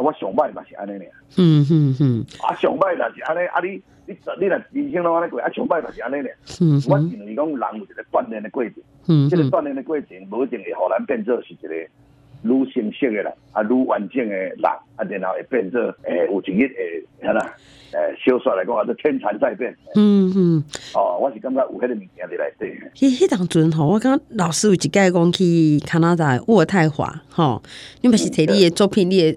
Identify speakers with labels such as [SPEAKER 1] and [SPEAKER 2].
[SPEAKER 1] 我上
[SPEAKER 2] 擺
[SPEAKER 1] 嘛是安尼咧，嗯嗯嗯，啊上擺嘛是安尼，阿、啊、你你你若人生攏安尼過，啊上擺嘛是安尼咧。我認為講人有一個鍛煉的過程，嗯嗯、這個鍛煉的過程，某種程度可能變作是一個愈形式嘅人，啊，愈完整嘅人，啊，然後會變作誒、欸、有情義誒，係、欸、啦，誒、呃、小說來講話都天蠶再變。欸、嗯嗯，哦，我是感覺有迄個物件佇內
[SPEAKER 3] 底。迄當陣，我感覺老師有一屆講去加拿大渥太華，吼，你不是摕你嘅作品，你嘅。